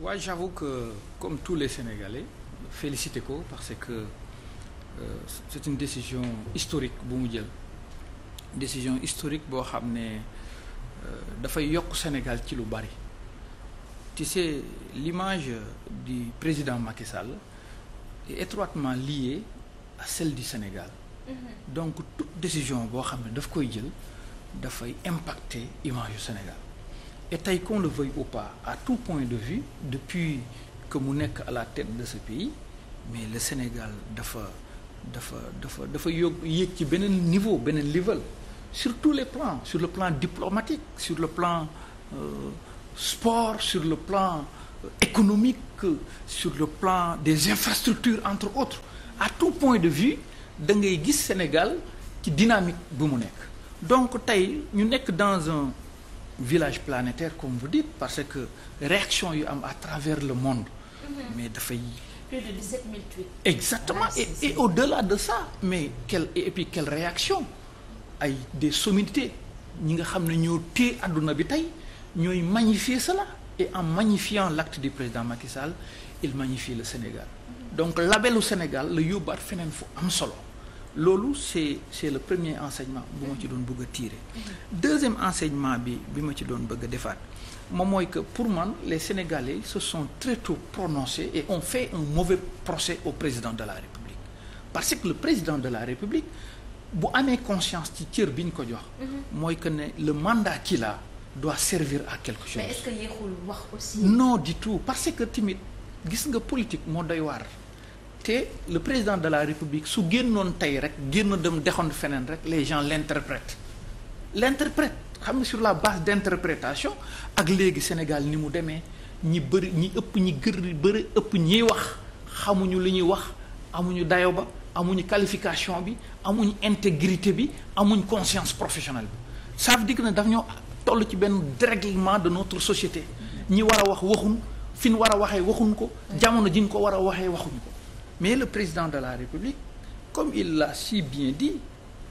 waaw ouais, j'avoue que comme tous les Sénégalais félicité ko parce que euh, c'est une décision historique bu mu jël décision historique boo xam ne euh, dafay yokk Sénégal ci lu bari tu sais l'image du président Macky Sall est étroitement liée à celle du Sénégal mm-hmm. donc toute décision boo xam ne daf koy jël dafay impacter image yu Sénégal et tey qu'on le veuille ou pas à tout point de vue depuis que mu nekk à la tête de ce pays mais le Sénégal dafa dafa dafa dafa yóg yéeg ci beneen niveau beneen level sur tous les plans sur le plan diplomatique sur le plans euh, sur le plans euh, économiques sur le plan des infrastructures entre autres à tout point de vue da ngay gis Sénégal ci dynamique bi mu nekk donc tey ñu nekk dans un village planétaire comme vous dites parce que réaction yu am à travers le monde mm-hmm. mais dafay plus de 17 000 tweets exactement ah, et, au-delà de sa mais quelle et puis quelle réaction ay des sommités ñi nga xam ne ñoo téye àdduna bi tey ñooy magnifier cela et en magnifiant l'acte du président Macky Sall il magnifie le Sénégal mm-hmm. donc labelu Sénégal la yóbbaat feneen fu am solo loolu c'est c'est le premier enseignement bu ma ci doon bëgg a tirer deuxième enseignement bi bi ma ci doon bëgg defaat moom mooy que pour man les Sénégalais se sont très tôt prononcés et ont fait un mauvais procès au président de la République parce que le président de la République bu amee conscience ci cër bi ñu ko jox mhm. mooy que ne le mandat qu'il la doit servir à quelque chose mais est wax aussi non du parce que timit gis nga politique moo doy waar te le président de la république su génnoon tey rek génn dem dexoon feneen rek les gens l'interprètent l'interprète xam nga sur la base d'interprétation ak léegi Sénégal ni mu demee ñi bëri ñi ëpp ñi gër bëri ëpp ñiy wax xamuñu li ñuy wax amuñu dayo ba amuñu qualification bi amuñu intégrité bi amuñu conscience professionnel bi ça veut dire que daf ñoo toll ci benn dérèglement de notre société ñi war a wax waxuñ fi ñu war a waxee waxuñ ko jamono ji ñu ko war a waxee waxuñ mais le président de la République comme il l'a si bien dit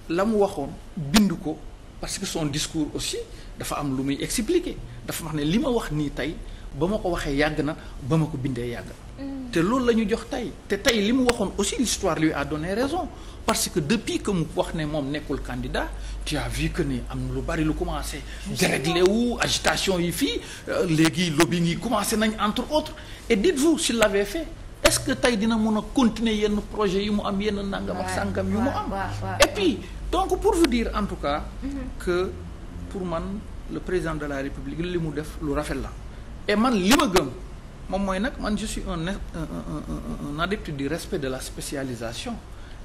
la mu waxoon bind ko parce que son discours aussi dafa am lu muy expliquer dafa wax ne li ma wax nii tey ba ma ko waxee yàgg na ba ma ko bindee yàgg na mm. te loolu la ñu jox tey te tey li mu waxoon aussi l'histoire lui a donné raison parce que depuis que mu wax ne moom nekkul candidat tu as que ni am lu bari lu commencé déréglé wu agitation yi fii euh, léegi lobbying yi commencé nañ entre autres et dites-vous s'il est-ce que tey dina mun a continuer yenn projet yu mu am yenn nangam ak sàngam yu mu am et puis donc pour vous dire en tout cas mm-hmm. que pour man le président de la république li mu def lu rafet la et man li ma gëm moom mooy nag man je suis un un adepte du respect de la spécialisation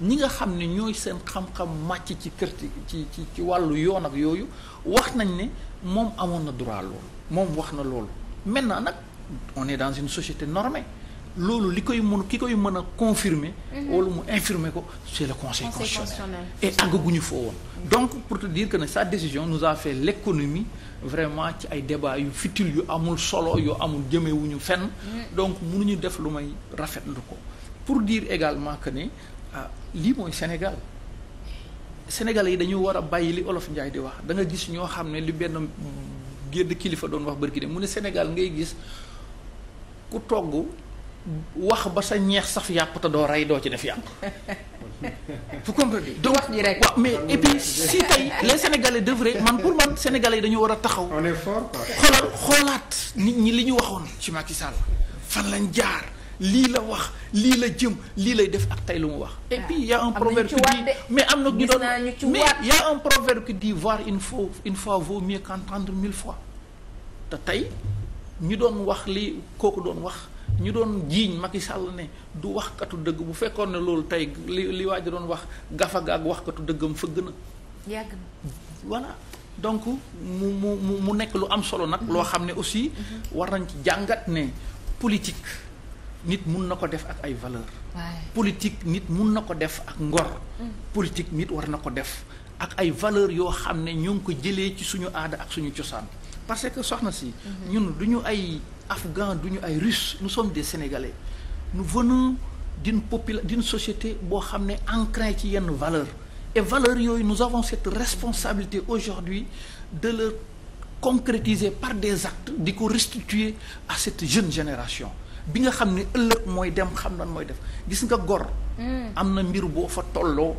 ñi nga xam ne ñooy seen xam-xam màcc ci kër ci ci ci wàllu yoon ak yooyu wax nañ ni moom amoon na droit loolu moom wax na loolu maintenant nag on est dans une société normée loolu li koy mën ki koy mën a confirmer mhm. wala mu infirmer ko c'est le conseil constitutionnel et àggaguñu foo woon donc pour te dire que ne sa décision nous a fait l'économie vraiment ci ay débat yu futile yu amul solo yu amul jëmewuñu fenn mhm. donc ñu def lu may rafetlu ko pour diir également que ne ah lii mooy Sénégal Sénégalais yi dañu war a bàyyi li Olof Ndiaye di wax da nga gis ñoo xam ne li benn génn kilifa doon wax bërki ne mu ne Sénégal ngay gis ku togg wax ba sa ñeex saf yàpp te doo rey doo ci def yàpp. vous comprenez donc wax rek. waaw mais et si tey les sénégalais devraient man pour man sénégale yi dañu war a taxaw. on est xoolaat nit ñi li ñu waxoon ci Macky Sall fan lañ jaar lii la wax lii la jëm lii lay def ak tey lu mu wax. et puis y' a un ah, proverbe qui dit mais am na ñu doon mais y' a proverbe qui dit voir une fois une fois vaut mieux qu'entendre mille fois te tey ñu doon wax li kooku doon wax. ñu doon jiiñ Macky Sall ne du waxkatu dëgg bu fekkoon ne loolu tey li li waa ji doon wax gafaga ak waxkatu dëggam fëgg na. yàgg na voilà donc mu mu mu nekk lu am solo nag. loo xam ne aussi. Mhm. Mhm. war nañ ci jàngat ne politique nit mun na ko def ak ay valeur politique nit mun na ko def ak ngor. Mm. politique nit war na ko def ak ay valeur yoo xam ne ñoo ngi ko jëlee ci suñu aada ak suñu cosaan parce que soxna si. Mhm. ñun duñu ay. afghans duñu ay russes nous sommes des sénégalais nous venons d'une popula d'une société boo xam ne ancrée ci yenn valeur et valeurs yooyu nous avons cette responsabilité aujourd'hui de leur concrétiser par des actes di ko restituer à cette jeune génération bi nga xam ne ëllëg mooy dem xam nan mooy def gis nga gor hmm. am na mbir boo fa tolloo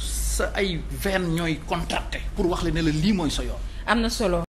sa ay veine ñooy contracté pour wax la ne la lii mooy sa yoon am na solo